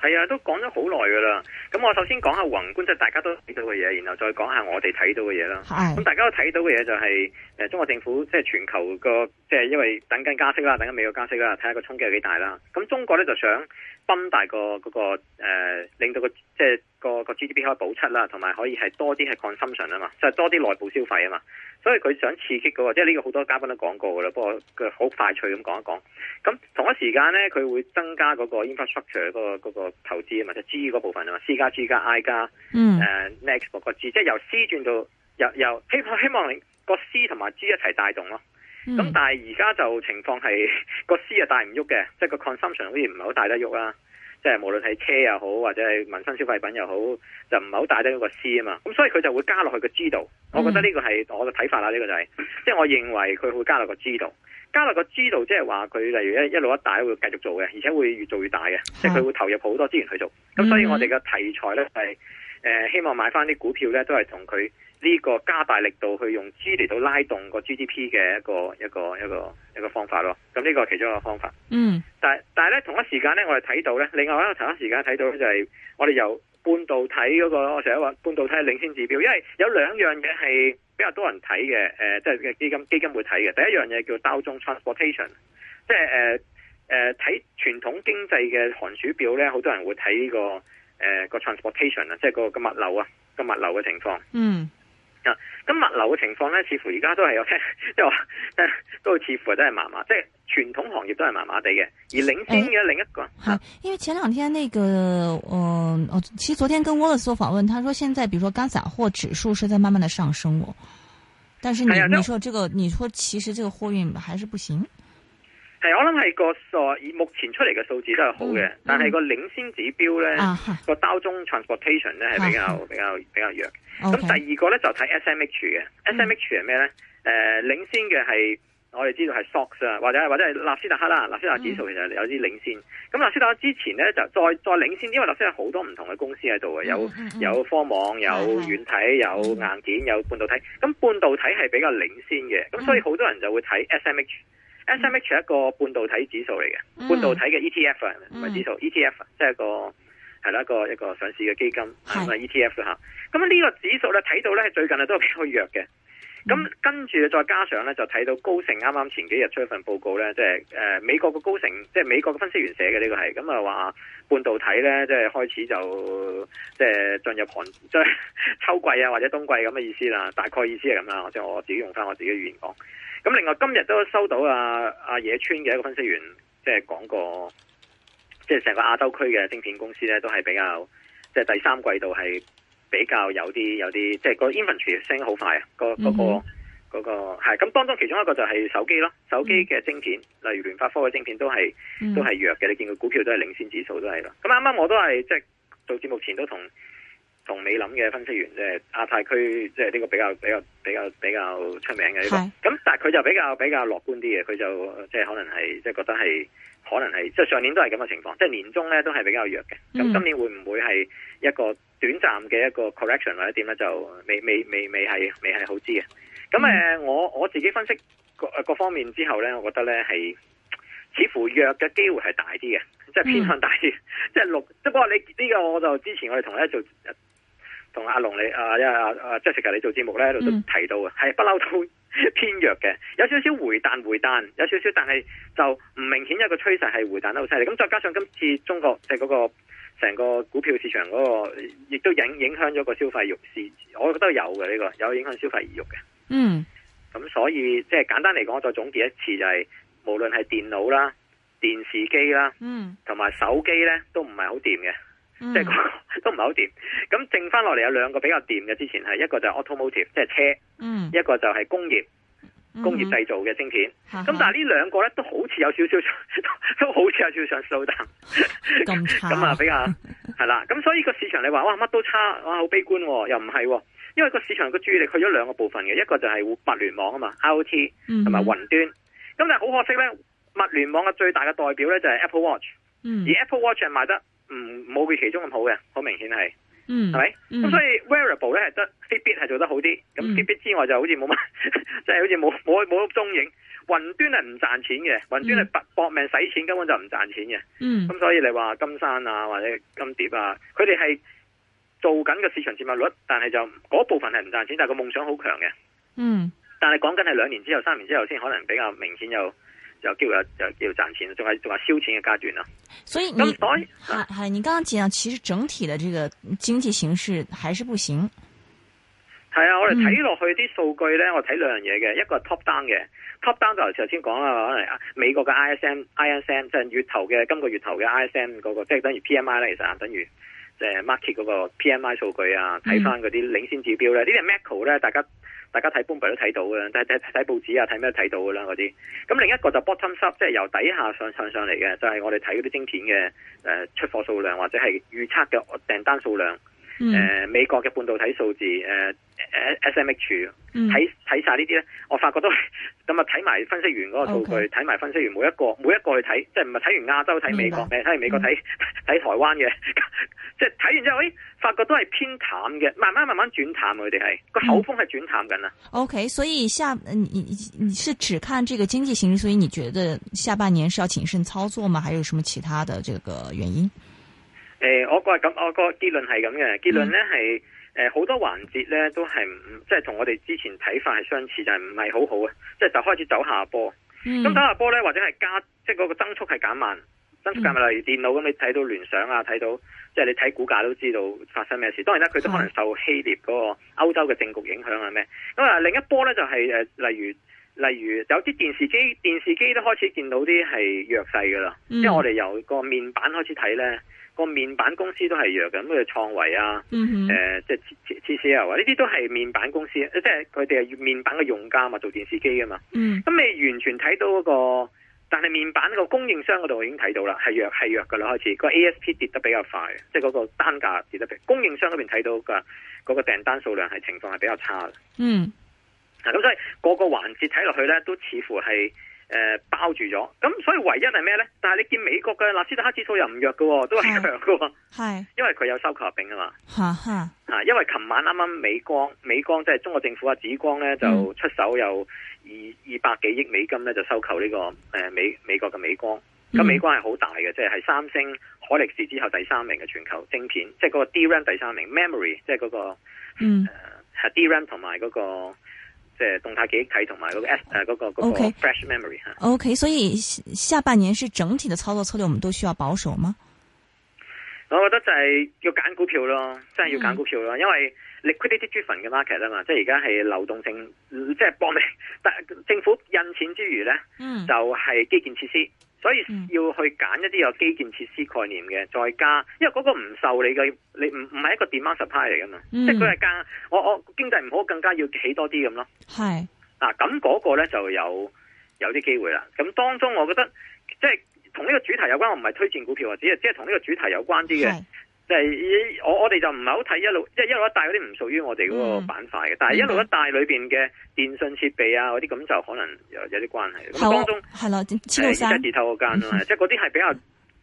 係啊，都講咗好耐噶啦。咁我首先講下宏觀，即係大家都睇到嘅嘢，然後再講下我哋睇到嘅嘢啦。咁大家都睇到嘅嘢就係，誒，中國政府即係全球個，即係因為等緊加息啦，等緊美國加息啦，睇下個衝擊有幾大啦。咁中國呢，就想崩大個嗰個誒，令到個即係。個、那個 GDP 可以保七啦，同埋可以係多啲係 consumption 啊嘛，就係、是、多啲內部消費啊嘛，所以佢想刺激嗰個，即係呢個好多嘉賓都講過噶啦。不過佢好快脆咁講一講。咁同一時間咧，佢會增加嗰個 infrastructure 嗰個、那個投資啊嘛，就係、是、G 嗰部分啊嘛，C 加 G 加 I 加嗯誒、uh, next 嗰個 G、mm.，即係由 C 轉到由由希希望，希望個 C 同埋 G 一齊帶動咯。咁、mm. 但係而家就情況係個 C 啊帶唔喐嘅，即係個 consumption 好似唔係好帶得喐啦。即係無論係車又好，或者係民生消費品又好，就唔係好大得一個 C 啊嘛，咁所以佢就會加落去個 G 度、嗯，我覺得呢個係我嘅睇法啦，呢、這個就係、是，即係我認為佢會加落個 G 度，加落個 G 度即係話佢例如一一路一帶會繼續做嘅，而且會越做越大嘅、啊，即係佢會投入好多資源去做，咁所以我哋嘅題材呢，係、嗯、誒、呃、希望買翻啲股票呢，都係同佢呢個加大力度去用 G 嚟到拉動個 GDP 嘅一個一個一個。一個一個一個方法咯，咁呢個其中一個方法。嗯，但係但係咧，同一時間咧，我哋睇到咧，另外一個同一時間睇到咧，就係我哋由半導體嗰個，我成日話半導體係領先指標，因為有兩樣嘢係比較多人睇嘅，誒，即係嘅基金基金會睇嘅。第一樣嘢叫包中 transportation，即係誒誒，睇傳統經濟嘅寒暑表咧，好多人會睇呢個誒個 transportation 啊，即係個個物流啊，個物流嘅情況。嗯。咁物流嘅情況咧，似乎而家都係有即係話， 都似乎真係麻麻，即係傳統行業都係麻麻地嘅，而領先嘅另一個，好、哎啊，因為前兩天那個，嗯，哦，其實昨天跟 Wallace 做訪問，他說現在，比如說乾散貨指數是在慢慢的上升哦，但是你、哎、你說這個，no. 你說其實這個貨運還是不行。係我諗係個數，以目前出嚟嘅數字都係好嘅、嗯嗯，但係個領先指標咧、啊，個當中 transportation 咧係比較、啊、比較比較弱。咁、okay. 第二個咧就睇 SMH 嘅，SMH 係咩咧？誒、嗯呃，領先嘅係我哋知道係 socks 啊，或者係或者係納斯達克啦，納斯達克指數其實有啲領先。咁、嗯、納斯達克之前咧就再再領先，因為納斯達克好多唔同嘅公司喺度嘅，有有科網、有軟體、有硬件、有半導體。咁半導體係比較領先嘅，咁、嗯、所以好多人就會睇 SMH。SMH 係一個半導體指數嚟嘅，半導體嘅 ETF 啊、嗯，唔係指數、嗯，ETF 即係一個係啦，一個一個上市嘅基金，係咪 ETF 啊？咁呢個指數咧睇到咧最近都有幾好弱嘅，咁跟住再加上咧就睇到高盛啱啱前幾日出一份報告咧，即係誒美國嘅高盛，即係美國嘅分析員寫嘅呢個係，咁啊話半導體咧即係開始就即係進入寒即係秋季啊或者冬季咁嘅意思啦，大概意思係咁啦，即係我自己用翻我自己嘅語言講。咁另外今日都收到阿、啊、阿、啊、野村嘅一個分析員，即係講過，即係成個亞洲區嘅晶片公司咧，都係比較，即、就、係、是、第三季度係比較有啲有啲，即、就、係、是、個 inventory 升好快啊！那個嗰、mm -hmm. 那個嗰個係咁當中其中一個就係手機咯，手機嘅晶片，mm -hmm. 例如聯發科嘅晶片都係、mm -hmm. 都係弱嘅，你見佢股票都係領先指數都係啦。咁啱啱我都係即係做節目前都同。同美林嘅分析員，即係亞太區，即係呢個比較比較比較比較出名嘅呢、這個。咁但係佢就比較比較樂觀啲嘅，佢就即係、就是、可能係即係覺得係可能係即係上年都係咁嘅情況，即、就、係、是、年中咧都係比較弱嘅。咁、嗯、今年會唔會係一個短暫嘅一個 correction 或者點咧就未未未未係未係好知嘅。咁、嗯、誒，我我自己分析各各方面之後咧，我覺得咧係似乎弱嘅機會係大啲嘅，即、就、係、是、偏向大啲，即係六。即 不過你呢、這個我就之前我哋同一做。同阿龍你啊，一、啊、阿阿、啊、Jessica 你做節目咧喺度都提到嘅，係不嬲都偏弱嘅，有少少回彈，回彈有少少，但係就唔明顯一個趨勢係回彈得好犀利。咁再加上今次中國即係嗰個成個股票市場嗰個，亦都影影響咗個消費慾是，我覺得有嘅呢、這個有影響消費意欲嘅。嗯，咁所以即係、就是、簡單嚟講，我再總結一次就係、是，無論係電腦啦、電視機啦，嗯，同埋手機咧都唔係好掂嘅。即係個都唔係好掂，咁剩翻落嚟有兩個比較掂嘅之前係一個就係 automotive 即係車，一個就係、嗯、工業、嗯、工業製造嘅晶片。咁、嗯、但係呢兩個咧都好似有少少，嗯、 都好似有少少 slow 咁差咁啊，比較係啦。咁所以個市場你話哇乜都差，哇好悲觀、啊，又唔係、啊，因為個市場個注意力去咗兩個部分嘅，一個就係物聯網啊嘛，IoT，同埋雲端。咁、嗯、但係好可惜咧，物聯網嘅最大嘅代表咧就係 Apple Watch，、嗯、而 Apple Watch 係賣得。唔冇佢其中咁好嘅，好明顯係，係、嗯、咪？咁、嗯、所以 wearable 咧係得、嗯、Fitbit 係做得好啲，咁 Fitbit 之外就好似冇乜，即 係好似冇冇冇蹤影。雲端係唔賺錢嘅，雲端係搏命使錢，根本就唔賺錢嘅。咁、嗯、所以你話金山啊或者金蝶啊，佢哋係做緊個市場占有率，但係就嗰部分係唔賺錢，但係個夢想好強嘅。嗯。但係講緊係兩年之後、三年之後先可能比較明顯有。有機會有有機會賺錢，仲係仲係燒錢嘅階段啦。所以你，啊，你剛剛講，其實整體嘅這個經濟形勢還是不行。係啊，我哋睇落去啲數據咧，我睇兩樣嘢嘅，一個係 top down 嘅、嗯、，top down 就頭先講啦，可能啊美國嘅 ISM，ISM 即係月頭嘅今個月頭嘅 ISM 嗰、那個，即係等於 PMI 咧，其實啊，等於即係 market 嗰個 PMI 數據啊，睇翻嗰啲領先指標咧，嗯、這呢啲係 macro 咧，大家。大家睇 Bloomberg 都睇到㗎啦，睇睇睇報紙啊，睇咩都睇到㗎啦嗰啲。咁另一個就 bottom up，即係由底下上上上嚟嘅，就係、是、我哋睇嗰啲晶片嘅誒出貨數量或者係預測嘅訂單數量。誒、嗯呃，美國嘅半導體數字，誒，SMH 睇睇晒呢啲咧，我發覺都咁啊，睇埋分析員嗰個數據，睇、okay. 埋分析員每一個每一個去睇，即係唔係睇完亞洲睇美國，誒，睇完美國睇睇台灣嘅，嗯、 即係睇完之後，誒，發覺都係偏淡嘅，慢慢慢慢轉淡他們，佢哋係個口風係轉淡緊啦。嗯、o、okay, K，所以下你你你是只看這個經濟形勢，所以你覺得下半年是要謹慎操作嗎？還有什麼其他的這個原因？誒、欸，我個咁，我個結論係咁嘅。結論咧係誒，好、呃、多環節咧都係，即係同我哋之前睇法係相似，就係唔係好好啊。即係就開始走下坡。咁、嗯、走下坡咧，或者係加，即係嗰個增速係減慢，增速減慢。例如電腦咁，你睇到聯想啊，睇到即係你睇股價都知道發生咩事。當然啦，佢都可能受希臘嗰個歐洲嘅政局影響啊咩。咁啊，另一波咧就係、是、誒，例如例如有啲電視機，電視機都開始見到啲係弱勢噶啦，即係我哋由個面板開始睇咧。個面板公司都係弱嘅，咁譬如創維啊，誒、mm -hmm. 呃，即係 TCL 啊，呢啲都係面板公司，即係佢哋係面板嘅用家嘛，做電視機啊嘛。咁、mm -hmm. 你完全睇到嗰、個，但係面板個供應商嗰度已經睇到啦，係弱係弱噶啦，開始、個 ASP 跌得比較快，即係嗰個單價跌得，比，供應商嗰邊睇到嘅嗰個訂單數量係情況係比較差嘅。嗯，咁所以個個環節睇落去咧，都似乎係誒、呃、包住咗，咁所以唯一係咩咧？但係你見美國嘅納斯達克指數又唔弱喎、哦，都係強嘅，係因為佢有收購合併啊嘛，吓，因為琴晚啱啱美光美光即係、就是、中國政府啊，紫光咧就出手有二二百幾億美金咧就收購呢、這個誒、呃、美美國嘅美光，咁美光係好大嘅，即係係三星、海力士之後第三名嘅全球晶片，即係嗰個 DRAM 第三名 Memory，即係嗰個嗯係 DRAM 同埋嗰個。嗯呃即、就、係、是、動態記憶體同埋嗰個誒嗰個嗰個 fresh okay. memory 吓。O K，所以下半年是整體的操作策略，我們都需要保守嗎？我覺得就係要揀股票咯，真係要揀股票咯，嗯，因為 liquidity driven 嘅 market 啊嘛，即係而家係流動性即係搏命，嗯就是、bomb，但政府印錢之餘咧、嗯，就係、是、基建設施。所以要去揀一啲有基建設施概念嘅、嗯，再加，因為嗰個唔受你嘅，你唔唔係一個 demand supply 嚟噶嘛、嗯，即係佢係更我我經濟唔好更加要起多啲咁咯。係，嗱咁嗰個咧就有有啲機會啦。咁當中我覺得即係同呢個主題有關，我唔係推薦股票或者只係即係同呢個主題有關啲嘅。即係我我哋就唔係好睇一路，即係一路一帶嗰啲唔屬於我哋嗰個板塊嘅，但係一路一帶裏邊嘅電信設備啊嗰啲咁就可能有有啲關係。當中係咯，千六三即係二頭嗰間咯，即係嗰啲係比較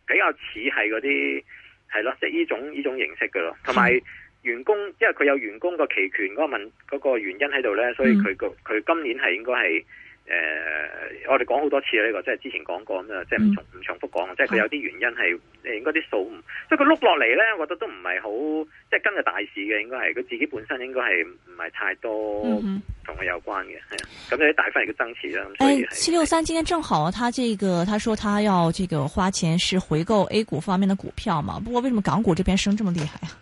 比較似係嗰啲係咯，即係呢種呢種形式嘅咯。同埋員工，因為佢有員工個期權嗰個問個原因喺度咧，所以佢個佢今年係應該係。誒、呃，我哋講好多次呢，這個，即係之前講過咁啦，即係唔重唔重複講，嗯，即係佢有啲原因係，嗯，應該啲數，即係佢碌落嚟咧，我覺得都唔係好，即係跟住大市嘅，應該係佢，嗯，自己本身應該係唔係太多同佢，嗯，有關嘅，係，嗯，啊，咁啲大翻係佢增持啦。誒，763今天正好，啊他這個他說他要這個花錢是回購 A 股方面的股票嘛？不過為什麼港股這邊升這麼厲害啊？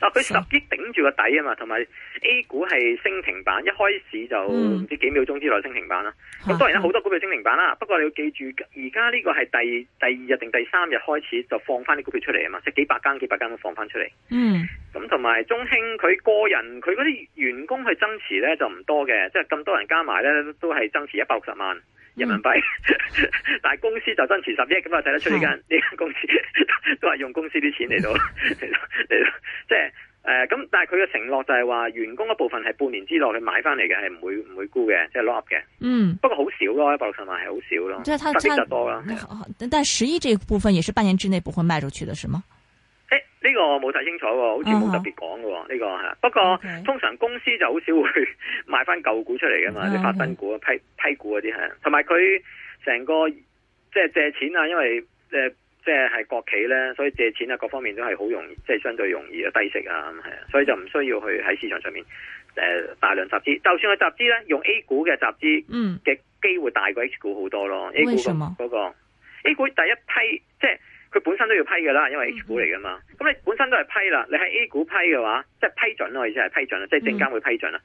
嗱，佢十億頂住個底啊嘛，同埋 A 股係升停板，一開始就唔知幾秒鐘之內升停板啦。咁、嗯、當然有好多股票升停板啦、啊，不過你要記住，而家呢個係第第二日定第三日開始就放翻啲股票出嚟啊嘛，即係幾百間、幾百間都放翻出嚟。嗯，咁同埋中興佢個人佢嗰啲員工去增持呢就唔多嘅，即係咁多人加埋呢都係增持一百六十萬。人民幣，嗯、 但係公司就增持十億，咁啊，睇得出呢間呢間公司、嗯、 都係用公司啲錢，嚟到嚟即係誒咁。但係佢嘅承諾就係話，員工一部分係半年之內你買翻嚟嘅係唔會唔會沽嘅，即係 lock up 嘅。嗯，不過好少咯，一百六十萬係好少咯，得吉多啦。但十億呢部分也是半年之內不會賣出去的，是嗎？誒、欸，呢、這個我冇睇清楚，好似冇特別講喎。呢、uh -huh. 這個不過、okay. 通常公司就好少會賣翻舊股出嚟噶嘛，uh -huh. 你發新股、批批股嗰啲吓。同埋佢成個即係、就是、借錢啊，因為即係係國企咧，所以借錢啊各方面都係好容易，即、就、係、是、相對容易啊低息啊咁係啊。所以就唔需要去喺市場上面誒、呃、大量集資。就算佢集資咧，用 A 股嘅集資，嗯嘅機會大過 H 股好多咯。為什麼個、那個、A 股第一批即係？佢本身都要批嘅啦，因為 H 股嚟噶嘛。咁、嗯嗯、你本身都係批啦，你喺 A 股批嘅話，即、就、係、是、批准咯，意思係批准啦，即係證監會批准啦，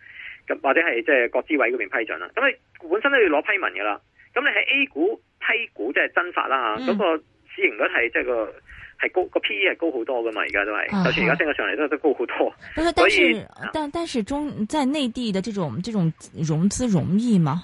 咁、嗯、或者係即係國資委嗰邊批准啦。咁你本身都要攞批文噶啦。咁你喺 A 股批股就是增法，即係增發啦。咁、那個市盈率係即係個係高個 P E 係高好多噶嘛？而家都係、啊，就算而家升咗上嚟都都高好多。但係，但是，但是、嗯、但是中在內地嘅這種這種融資容易嘛。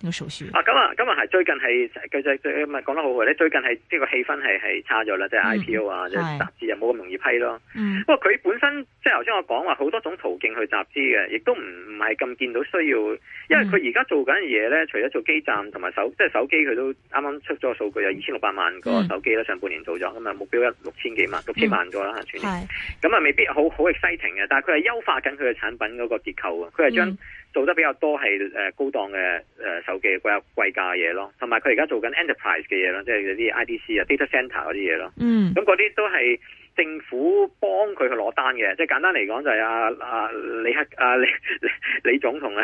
啊咁啊咁啊係最近係佢就最咪講得好好。咧，最近係係、這個氣氛係係差咗啦，即、就、係、是、IPO 啊，即係集資又冇咁容易批咯、嗯。不過佢本身即係頭先我講話好多種途徑去集資嘅，亦都唔唔係咁見到需要，因爲佢而家做緊嘅嘢咧，除咗做基站同埋、嗯、手，即係手機佢都啱啱出咗個數據有二千六百萬個手機啦、嗯，上半年做咗咁啊目標一六千幾萬六千萬個啦、嗯，全年咁啊、嗯、未必好好嘅 exciting 嘅，但係佢係優化緊佢嘅產品嗰個結構啊，佢係將。嗯做得比較多係誒高檔嘅誒手機嘅貴貴價嘅嘢咯，同埋佢而家做緊 enterprise 嘅嘢咯，即係有啲 IDC 啊 data center 嗰啲嘢咯。嗯，咁嗰啲都係。政府幫佢去攞單嘅，即係簡單嚟講就係阿、啊啊、李克、啊、李李總同啊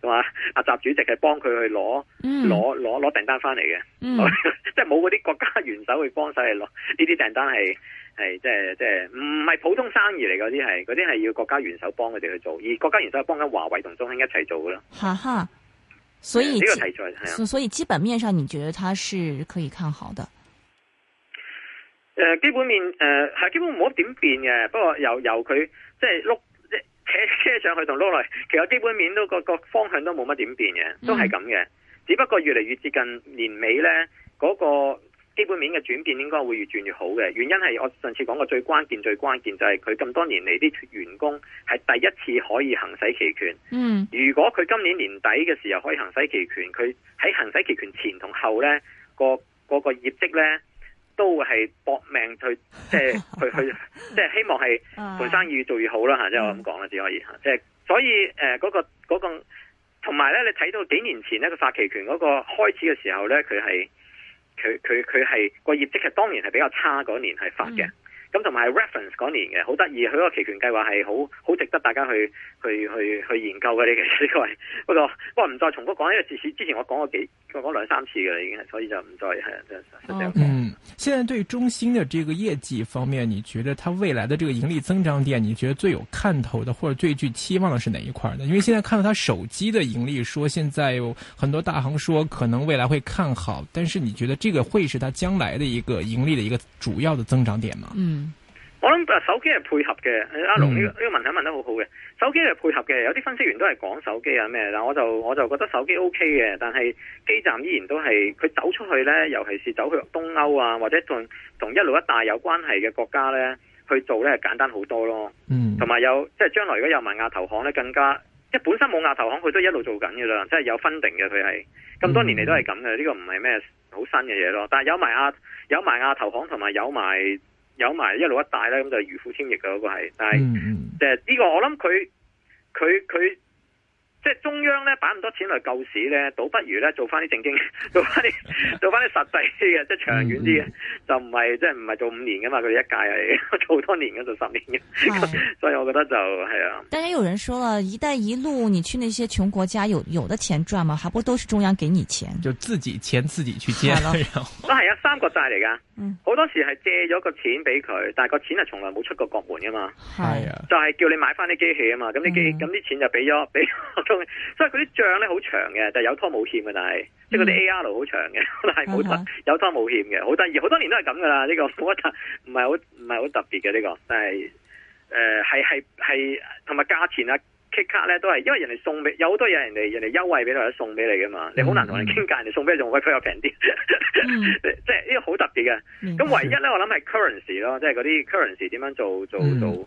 同阿習主席係幫佢去攞攞攞攞訂單返嚟嘅。嗯、 即係冇嗰啲國家元首去幫手去攞呢啲訂單係係即係即係唔係普通生意嚟，嗰啲係嗰啲係要國家元首幫佢哋去做，而國家元首係幫緊華為同中興一齊做噶啦。哈哈，所以呢、這個題材係啊，所以基本面上你覺得他是可以看好的。誒、呃，基本面誒係基本冇乜點變嘅，不過由由佢即係碌扯車上去同碌落，其實基本面都個個方向都冇乜點變嘅，都係咁嘅。只不過越嚟越接近年尾咧，嗰、那個基本面嘅轉變應該會越轉越好嘅。原因係我上次講過，最關鍵最關鍵就係佢咁多年嚟啲員工係第一次可以行使期權。嗯，如果佢今年年底嘅時候可以行使期權，佢喺行使期權前同後咧、那個個、那個業績咧。都係搏命去，即係去去，即 係、就是、希望係本生意越做越好啦吓，即 係我咁講啦，只可以吓，即、就、係、是、所以誒，嗰、呃那個、那個同埋咧，你睇到幾年前咧個發期權嗰個開始嘅時候咧，佢係佢佢佢係個業績係當年係比較差嗰年係發嘅。嗯咁同埋 reference 嗰年嘅好得意，佢嗰個期權計劃係好好值得大家去去去去研究嘅呢、呢個呢個。不過不過唔再重複講，呢個事。之前我講咗幾我講兩三次嘅啦，已經係，所以就唔再係。嗯、oh.，嗯，現在對中興嘅這個業績方面，你覺得它未來的這個盈利增長點，你覺得最有看頭的或者最具期望的是哪一塊呢？因為現在看到佢手機的盈利說，說現在有很多大行說可能未來會看好，但是你覺得這個會是佢將來的一個盈利的一個主要的增長點嗎？嗯。我諗手機係配合嘅。阿龍呢個呢個問題問得好好嘅，手機係配合嘅。有啲分析員都係講手機啊咩，但我就我就覺得手機 OK 嘅。但係基站依然都係佢走出去呢，尤其是走去東歐啊，或者同同一路一帶有關係嘅國家呢去做呢，簡單好多咯。嗯，同埋有即係將來如果有埋亞投行呢，更加即係本身冇亞投行，佢都一路做緊噶啦，即係有分定嘅佢係咁多年嚟，都係咁嘅。呢個唔係咩好新嘅嘢咯。但係有埋亞有埋亞投行同埋有埋。有埋一路一帶咧，咁就如虎添翼嘅嗰個係，但係即係呢個我諗佢佢佢即係中央咧，擺咁多錢嚟救市咧，倒不如咧做翻啲正經，做翻啲 做翻啲實際啲嘅，即係長遠啲嘅，嗯，就唔係即係唔係做五年噶嘛，佢哋一屆係做多年嘅，做十年嘅， 所以我覺得就係啊。當然有人說啦一帶一路，你去那些窮國家有有得錢賺嘛還不過都是中央給你錢，就自己錢自己去借咯。都係 啊，三個債嚟噶。好、嗯、多時係借咗個錢俾佢，但係個錢係從來冇出過國門噶嘛係啊，就係、是、叫你買翻啲機器啊嘛。咁啲機，咁啲錢就俾咗俾，嗯、 所以佢啲賬咧好長嘅，但係有拖冇欠噶、嗯。但係即係嗰啲 A R 好長嘅，係冇拖，有拖冇欠嘅，好得意。好、嗯、多年都係咁噶啦，呢、這個我覺得唔係好唔係好特別嘅呢個，但係誒係係係同埋價錢啊。卡咧都係，因為人哋送俾，有好多嘢人哋人哋優惠俾你或者送俾你噶嘛，嗯、你好難同人傾偈，人哋送俾你仲會比較平啲，即係呢個好特別嘅。咁、嗯、唯一咧，我諗係 currency 咯，即係嗰啲 currency 點樣做做做。做嗯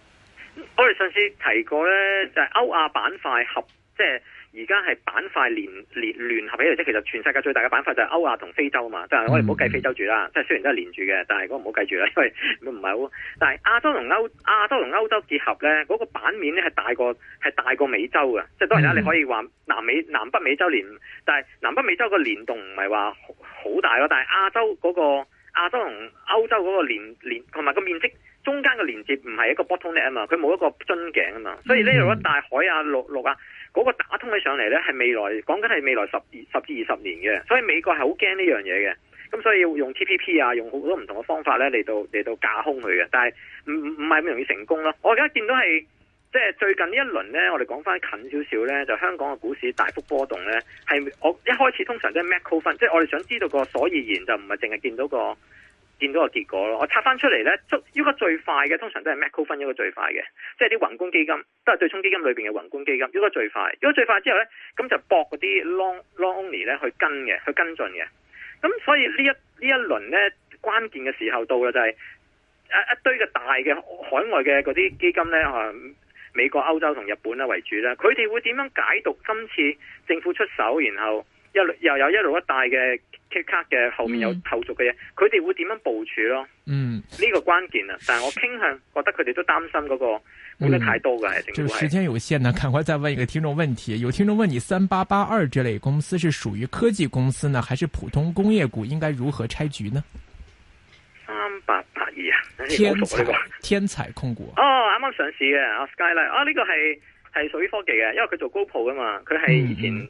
我哋上次提過咧，就係、是、歐亞板塊合，即係而家係板塊聯聯聯合起嚟。即係其實全世界最大嘅板塊就係歐亞同非洲嘛、嗯。但係我哋唔好計非洲住啦。即係雖然都係連住嘅，但係嗰個唔好計住啦，因為唔係好。但係亞洲同歐亞洲同歐洲結合咧，嗰、那個版面咧係大過係大過美洲嘅。即係當然啦，你可以話南美南北美洲連，但係南北美洲個連動唔係話好大咯。但係亞洲嗰個亞洲同歐洲嗰個連連同埋個面積。中間嘅連接唔係一個 bottleneck 啊嘛，佢冇一個樽頸啊嘛，所以呢度一大海啊、陸陸啊，嗰、嗰個打通起上嚟呢，係未來講緊係未來十二十至二十年嘅，所以美國係好驚呢樣嘢嘅，咁所以要用 TPP 啊，用好多唔同嘅方法呢嚟到嚟到架空佢嘅，但係唔唔係咁容易成功咯。我而家見到係即係最近呢一輪呢，我哋講翻近少少呢，就香港嘅股市大幅波動呢，係我一開始通常都 make call 即係我哋想知道個所以然，就唔係淨係見到個。見到個結果咯，我拆翻出嚟呢，出如果最快嘅，通常都係 Macro Fund 一個最快嘅，即係啲宏觀基金，都係對沖基金裏邊嘅宏觀基金。如果最快，如果最快之後呢，咁就博嗰啲 long long only 去跟嘅，去跟進嘅。咁所以呢一呢一輪咧，關鍵嘅時候到啦、就是，就係一堆嘅大嘅海外嘅嗰啲基金呢。啊，美國、歐洲同日本咧為主咧，佢哋會點樣解讀今次政府出手，然後一又有一路一大嘅？揭卡嘅後面有後續嘅嘢，佢、嗯、哋會點樣部署咯？嗯、呢、這個關鍵啊！但係我傾向覺得佢哋都擔心嗰、那個冇得太多嘅、嗯。就時間有限呢，趕快再問一個聽眾問題：有聽眾問你，三八八二這類公司是屬於科技公司呢，還是普通工業股？應該如何拆局呢？三八八二啊！天彩， 天彩控股哦，啱啱上市嘅啊 Skyline 啊呢個係係屬於科技嘅，因為佢做 GoPro 噶嘛，佢係以前嗯嗯。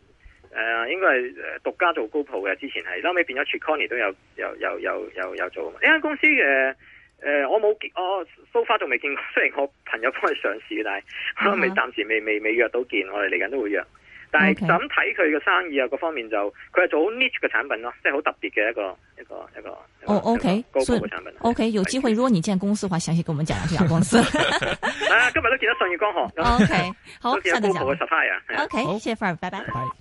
誒、呃，應該係獨家做 GoPro 嘅，之前係後尾變咗 Triple Cony 都有，有，有，有，有，有做。呢、欸、間公司誒，誒、呃，我冇我 so far 仲未見過，雖然我朋友幫佢上市，但係我未暫、uh -huh. 時未未未,未約到見我哋嚟緊都會約。但係咁睇佢嘅生意啊，各方面就佢係做好 niche 嘅產品咯，即係好特別嘅一個一個一個。OK GoPro 嘅產品。So, OK，有機會如果你見公司嘅話，詳細跟我們講下呢間公司。 啊，今日都見到信義光行、okay. 嗯 okay. okay.。OK，好，多謝你。O K，好，謝范，拜拜。拜拜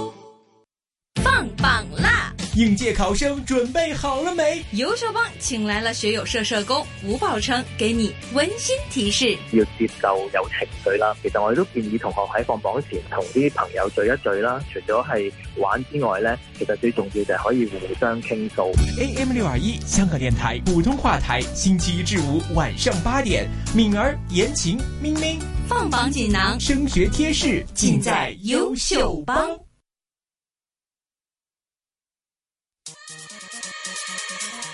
應屆考生準備好了沒？優秀幫請來了學友社社工吳寶成，報稱給你溫馨提示。要接受有情緒啦，其實我亦都建議同學喺放榜前同啲朋友聚一聚啦。除咗係玩之外呢，其實最重要就係可以互相傾訴。AM 六二一香港電台普通話台，星期一至五晚上八點，敏兒、言情、明明、咪咪放榜錦囊、升學貼士，盡在優秀幫。